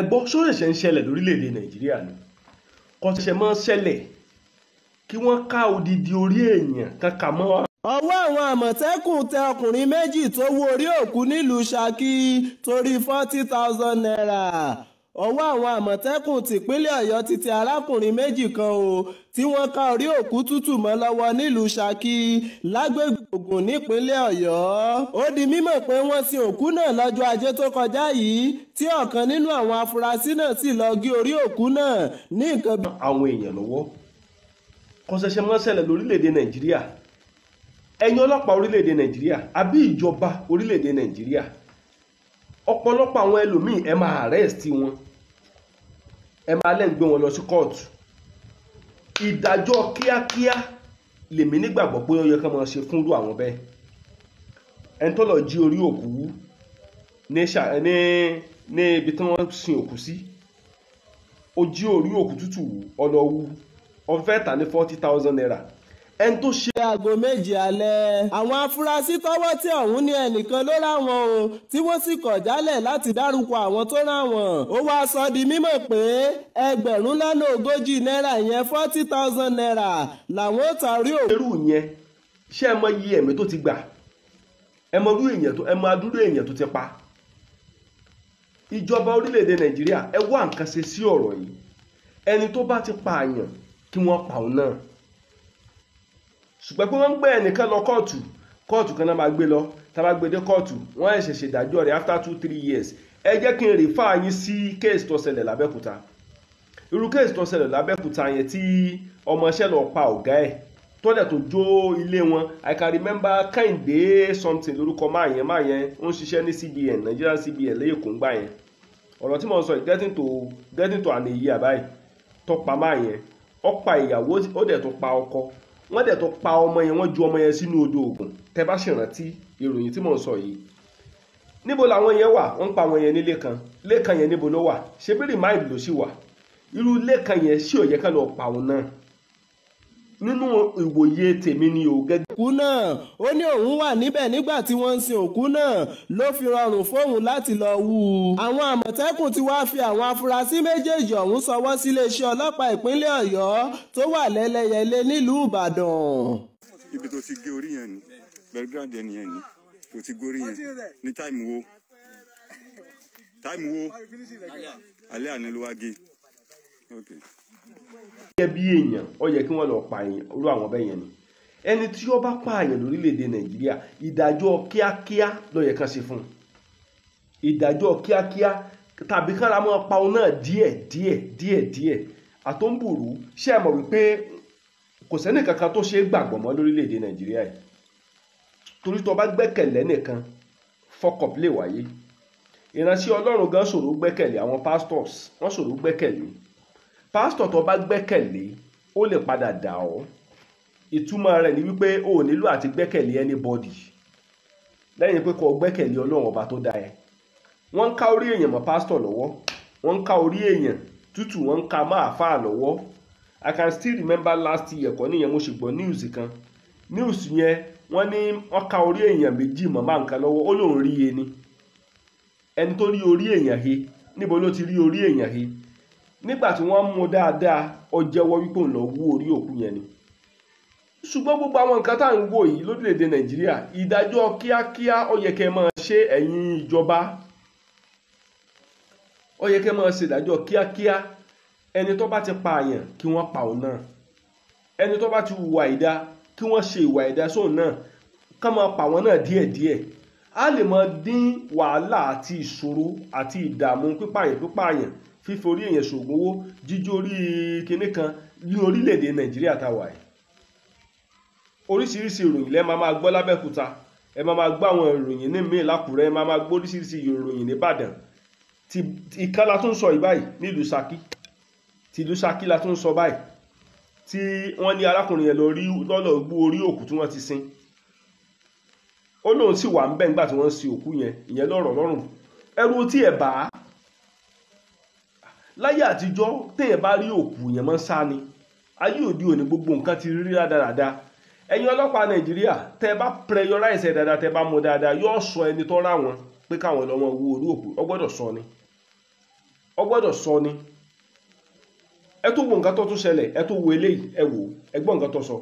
ẹgbọ́ sóṣẹ̀ṣẹ̀ ń ṣẹlẹ̀ lórílẹ̀‐èdè nàìjíríà ni kọ́ṣẹ̀ṣẹ̀ máa ń ṣẹlẹ̀ kí wọ́n ká odidi orí èèyàn kankan mọ́. ọwọ́ àwọn àmọ̀tẹ́kùn tẹ ọkùnrin méjì tó wó orí òkú nílùú Ṣakí torí forty thousand naira ọwọ́ àwọn àmọ̀tẹ́kùn tìpínlẹ̀ ọ̀yọ́ ti tẹ arákùnrin méjì kan o tí wọ́n ká orí òkú tútù mọ́ lọ́wọ́ nílùú Ṣakí lágbègbè Ògùn nípínlẹ̀ Ọ̀yọ́. ó di mímọ̀ pé wọ́n sin òkú náà lọ́jọ́ ajé tó kọjá yìí tí ọ̀kan nínú àwọn afurasí náà sì lọ gé orí òkú náà ní nǹkan bí. àwọn èèyàn lọ́wọ́ kọ́sẹ̀ṣẹ̀ máa lórílẹ̀‐èdè Nàìjíríà ẹ̀yin ọlọ́pàá orílẹ̀‐èdè Nàìjíríà àbí ìjọba orílẹ̀‐èdè Nàìjíríà ọ̀pọ̀lọpọ̀ àwọn ẹlòmíì ẹ máa arrest wọn ẹ máa lẹ́ ń gbé wọn lọ sí kóòtù ìdájọ́ kíákíá lèmi nígbàgbọ́ pé ó yẹ ká máa ṣe fúnrú àwọn bẹ́ẹ̀ ẹni tó lọ jí orí òkú ní ní ibi tí wọ́n sin òkú sí ó jí orí òkú tútù ọlọ́wú ó fẹ́ tà ní forty thousand naira ẹni tó ṣe. aago méje alẹ́. àwọn afurasí tọ́wọ́ tẹ̀ ọ̀hún ni ẹnìkan ló ráwọn o tí wọ́n sì kọ̀ jálẹ̀ láti dárúkọ àwọn tó ráwọn. ó wáá sọ di mímọ̀ pé ẹgbẹ̀rún lọ́nà ogójì náírà yẹn forty thousand naira làwọn ó tarí òun. irú yẹn ṣé ẹ mọ iye ẹ̀mí tó ti gbà ẹ mọ adúrú èèyàn tó ẹ mọ adúrú èèyàn tó ti pa ìjọba orílẹ̀-èdè nàìjíríà ẹ wá nǹkan ṣe sí ọ̀rọ̀ yìí ẹni tó bá ti pa àyàn kí wọ́n pa òun náà ṣùgbọ́n pé wọ́n ń gbé ẹnìkan lọ kóòtù kóòtù kan náà máa gbé lọ tá a bá gbé dé kóòtù wọ́n ẹ̀ ṣẹ̀ṣẹ̀ dájọ́ rẹ̀ after two three years ẹ jẹ́ kí n rè fà yín sí kéèsì tó ṣẹlẹ̀ lábẹ́kúta irú kéèsì tó ṣẹlẹ̀ lábẹ́kúta yẹn tí ọmọọṣẹ́ lọ pa ọ̀gá ẹ̀ tó dẹ̀ tó jó ilé wọn i can remember kẹ́hìndé something lórúkọ máa yẹn máa yẹn ó ń ṣiṣẹ́ ní cbn nigerian cbn lẹ́yìnkùn gbà yẹn ọ̀rọ̀ tí mo sọ getting to getting to àná ìyí àbáyé tó pa máa yẹn ó ìyàwó ó dẹ̀ tó pa ọkọ wọ́n dẹ̀ tó pa ọmọ yẹn wọ́n ju ọmọ yẹn sínú odò ògùn tẹ bá sì rántí ìròyìn tí mò ń sọ yìí níbo làwọn yẹn wà wọ́n pa àwọn yẹn nílé kan lé kan yẹn níbo ló wà ṣebí rìmáìdì ló sì wà irú lé kan yẹn sì ò yẹ ká lọ pa òun náà nínú ìwòye tèmi ni ò gẹ́gẹ́. òkú náà ó ní òun wà níbẹ̀ nígbà tí wọ́n ń sin òkú náà ló fi rọrùn fóun láti lọ wú u. àwọn àmọ̀tẹ́kùn ti wáá fi àwọn afurasí méjèèjì ọ̀hún ṣọwọ́ sí iléeṣẹ́ ọlọ́pàá ìpínlẹ̀ ọ̀yọ́ tó wà lẹ́lẹ́yẹlé nílùú ìbàdàn. ibi tó ti gé orí yẹn ni belgrand ẹni yẹn ni tó ti górí yẹn ní táìmù wo táìmù wo alẹ́ àná ló wá gé gẹ́gẹ́ bí èèyàn ó yẹ kí wọ́n lọ pa irú àwọn bẹ́ẹ̀ yẹn ni ẹni tí ó bá pààyàn lórílẹ̀‐èdè nàìjíríà ìdájọ́ kíákíá ló yẹ kán ṣe fún un ìdájọ́ kíákíá tàbí kára máa pa òun náà díẹ̀ díẹ̀ díẹ̀ díẹ̀ àtọ́nbùrú ṣe é mọ̀ wípé kò sẹ́ni kankan tó ṣe é gbàgbọ́ mọ́ lórílẹ̀‐èdè nàìjíríà yìí torí tó bá gbẹ́kẹ̀lé nìkan fọkọ̀p lè wáyé ìránṣẹ́ ọlọ́run gan ṣòro gbẹ́kẹ̀lé àwọn pastors wọ́n ṣòro gbẹ́kẹ̀lé pásítọ̀ tó bá gbẹ́kẹ̀lé ó lè padà dà ọ́ ìtumọ̀ rẹ̀ ni wípé o ò nílò àti gbẹ́kẹ̀lé anybody lẹ́yìn pé kó gbẹ́kẹ̀lé ọlọ́run ọba tó dá ẹ wọ́n ń ká orí èèyàn mọ́ pásítọ̀ lọ́wọ́ wọ́n ń ká orí èèyàn tútù wọ́n ń ká máa lọ́wọ́ I can still remember last year kọ́ níyẹn mo sì gbọ́ news kan news yẹn wọ́n ní wọ́n ká orí èèyàn méjì mọ́ máa ń ká lọ́wọ́ ó lóun rí e ni ẹni tó rí orí èèyàn he níbo ló ti rí orí èèyàn he nígbà tí wọ́n mú dáadáa ó wípé òun lọ wú orí òkú yẹn ni ṣùgbọ́n gbogbo àwọn nǹkan tá à ń wò yìí lórílẹ̀‐èdè nàìjíríà ìdájọ́ kíákíá ó yẹ kẹ́ ẹ máa ṣe ẹ̀yin ìjọba ó yẹ kẹ́ ẹ máa ṣe ìdájọ́ kíákíá ẹni tó bá ti pa àyàn kí wọ́n pa òun náà ẹni tó bá ti hùwà ìdá kí wọ́n ṣe ìwà ìdá sóun náà ká máa pa àwọn náà díẹ̀díẹ̀ á lè máa dín wàhálà àti ìṣòro àti ìdààmú pípààyàn pípààyàn fíforí èèyàn ṣògùn owó jíjó orí kinní kan ní orílẹ̀-èdè nàìjíríà tá a wà yìí oríṣiríṣi ìròyìn lẹ́ẹ̀ máa gbọ́ lábẹ́òkúta ẹ máa máa gbọ́ àwọn ìròyìn ní míì lákùrẹ́ ẹ máa máa gbọ́ oríṣiríṣi ìròyìn nìbàdàn ti ìkan la tún sọ yìí báyìí nílùú Ṣakí tìlú Ṣakí la tún sọ báyìí tí wọ́n ní arákùnrin yẹn lọ rí lọ́lọ́ gbú orí òkú tí wọ́n ti sin ó lóun sì wà ń bẹ̀ nígbà tí wọ́n sin òkú yẹn ìyẹn lọ́rọ̀ lọ́rùn ẹrù tí ẹ̀ bá láyé àtijọ́ téèyàn bá rí òkú yẹn mọ́ sá ni ayé òde òní gbogbo nǹkan ti rí rádaràda ẹ̀yin ọlọ́pàá nàìjíríà tẹ́ ẹ bá dáadáa bá mọ dáadáa yóò sọ ẹni tó rà wọ́n pé káwọn orí òkú ni ọgbọ́dọ̀ ni ẹ tó wo nǹkan tó tún ṣẹlẹ̀ wo eléyìí ẹ sọ.